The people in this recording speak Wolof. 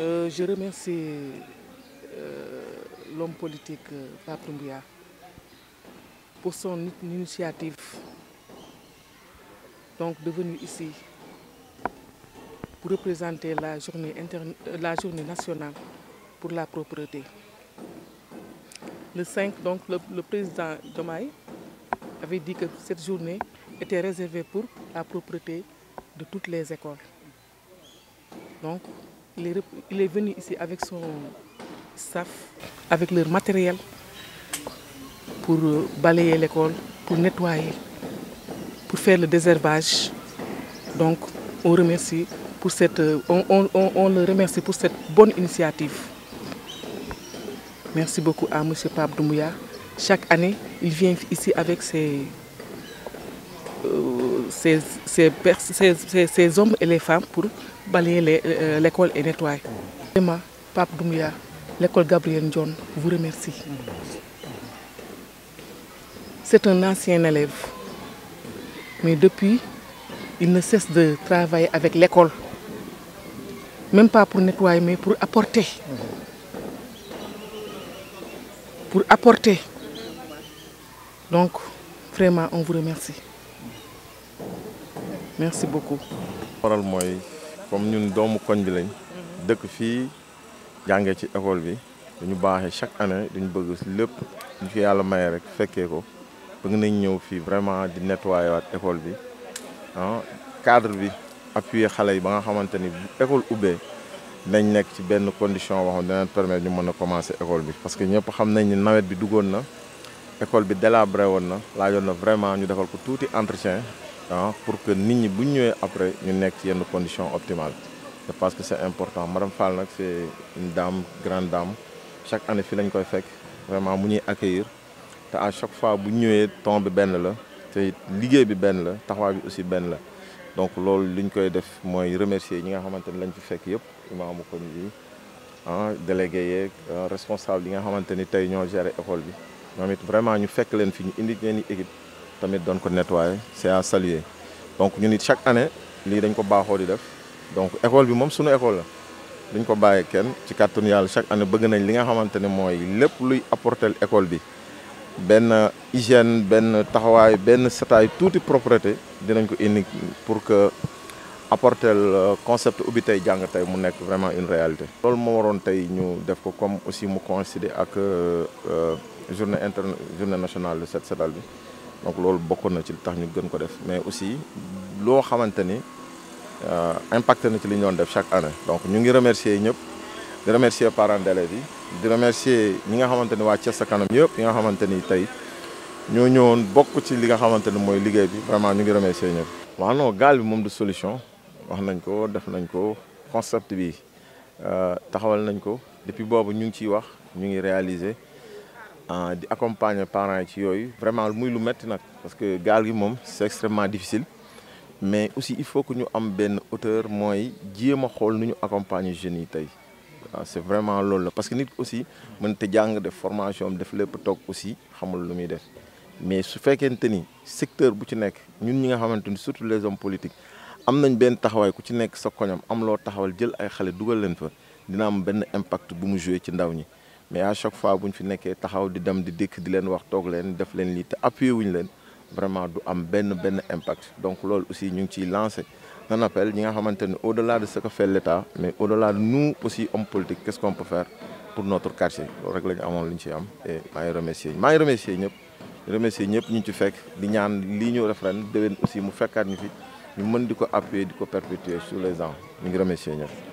Euh, je remercie euh, l'homme politique euh, Pape Doumbouya pour son initiative, donc devenu ici pour représenter la journée, interne, euh, la nationale pour la propreté. Le 5, donc le, le président Domaï avait dit que cette journée était réservée pour la propreté de toutes les écoles. Il est, il est venu ici avec son staff, avec leur matériel pour euh, balayer l'école, pour nettoyer, pour faire le déservage Donc, on remercie pour cette, euh, on, on, on le remercie pour cette bonne initiative. Merci beaucoup à monsieur Pape Doumbouya. Chaque année, il vient ici avec ses ces, ces, ces, ces, hommes et les femmes pour balayer euh, euh, l'école euh, et nettoyer. Vraiment, Pape Doumbia, l'école Gabriel John vous remercie. C'est un ancien élève, mais depuis, il ne cesse de travailler avec l'école. Même pas pour nettoyer, mais pour apporter. Pour apporter. Donc, vraiment, on vous remercie. merci beaucoup. waral mooy comme ñun doomu koñ bi lañ. dëkk fii jàngee ci école bi dañu baaxee chaque année duñu bëgg si lépp ñu fi yàlla maye rek fekkee ko bëgg nañ ñëw fii vraiment di nettoyer waat école bi ah cadre bi appuyer xale yi ba nga xamante ni bu école ubbee. nañ nekk ci benn condition boo xam ne danañ permettre ñu mën a commencer école bi parce que ñëpp xam nañ ni nawet bi duggoon na école bi délabré woon na laajoon na vraiment ñu defal ko tuuti entretien ah pour que nit ñi bu ñu ñëwee après ñu nekk ci yenn condition optimales c'est parce que c'est important madame Fall nag c'est une dame grande dame chaque année fi lañu koy fekk vraiment mu ñuy accueillir te à chaque fois bu ñu ñëwee ton bi benn la te liggéey bi benn la taxawaay bi aussi benn la donc loolu li ñu koy def mooy remercier ñi nga xamante ni lañ fi fekk yëpp imaamu koñ bi ah délégué yeeg euh, responsable yi nga xamante ni tey ñoo gere école bi ñoom it vraiment ñu fekk leen fi ñu indi leen équipe. tamit doon ko nettoyer c'est à saluer donc ñu nit chaque année lii dañ ko baaxoo di def donc école bi moom sunu école la dañ ko bàyyi kenn ci kàttanu yàlla chaque année bëgg nañ li nga xamante ne mooy lépp luy apporter école bi benn hygiène benn taxawaay benn setaay tuuti propreté dinañ ko indi pour que apporter concept ubbi tey jàng tey mu nekk vraiment une réalité. loolu moo waroon tey ñu def ko comme aussi mu coïncider ak euh, euh, journée interne journée nationale de set setal bi. donc loolu bokkoon na ci lu tax ñu gën ko def mais aussi loo xamante ni euh, impacté na ci li ñu doon def chaque année donc ñu ngi remercier ñëpp di remercier parents d'élèves yi di remercier ñi nga xamante ni waa Thiès sa kanam yëpp yi nga xamante ni tey ñoo ñëwoon bokk ci li nga xamante ni mooy liggéey bi vraiment ñu ngi remercier ñëpp. waaw non gaal bi moom du solution wax nañ ko def nañ ko concept bi euh, taxawal nañ ko depuis boobu ñu ngi ciy wax ñu ngi réaliser. Euh, di accompagner parent yi ci yooyu vraiment muy lu metti nag parce que gaal gi moom c'est extrêmement difficile mais aussi il faut que ñu am benn hauteur mooy jéem a xool nu ñu accompagner jeunes yi tey waaw c'est vraiment loolu la parce que nit aussi mën te jàng def formation am def lépp toog aussi xamul lu muy def mais su fekkente ni secteur bu ci nekk ñun ñi nga xamante ni surtout les hommes politiques am nañ benn taxawaay ku ci nekk sa koñam am loo taxawal jël ay xale dugal leen fa dina am benn impact bu mu joué ci ñi mais à chaque fois bu ñu fi nekkee taxaw di dem di dikk di leen wax toog leen def leen lii te appuyé wuñ leen vraiment du am benn benn impact donc loolu aussi ñu ngi ciy lancé un appel ñi nga xamante ni au delà de ce que mais au delà de nous aussi hommes politiques qu' est ce pour notre quartier loolu rek la ñu amoon lu ñu ciy am et maa ngi remercier maa ngi remercier ñëpp remercier ñëpp ñu ci fekk di ñaan lii ñu def ren déwén aussi mu fekkaat ñu fi ñu mën di ko appuyer di ko perpétuer sur les ans ñu ngi remercier ñëpp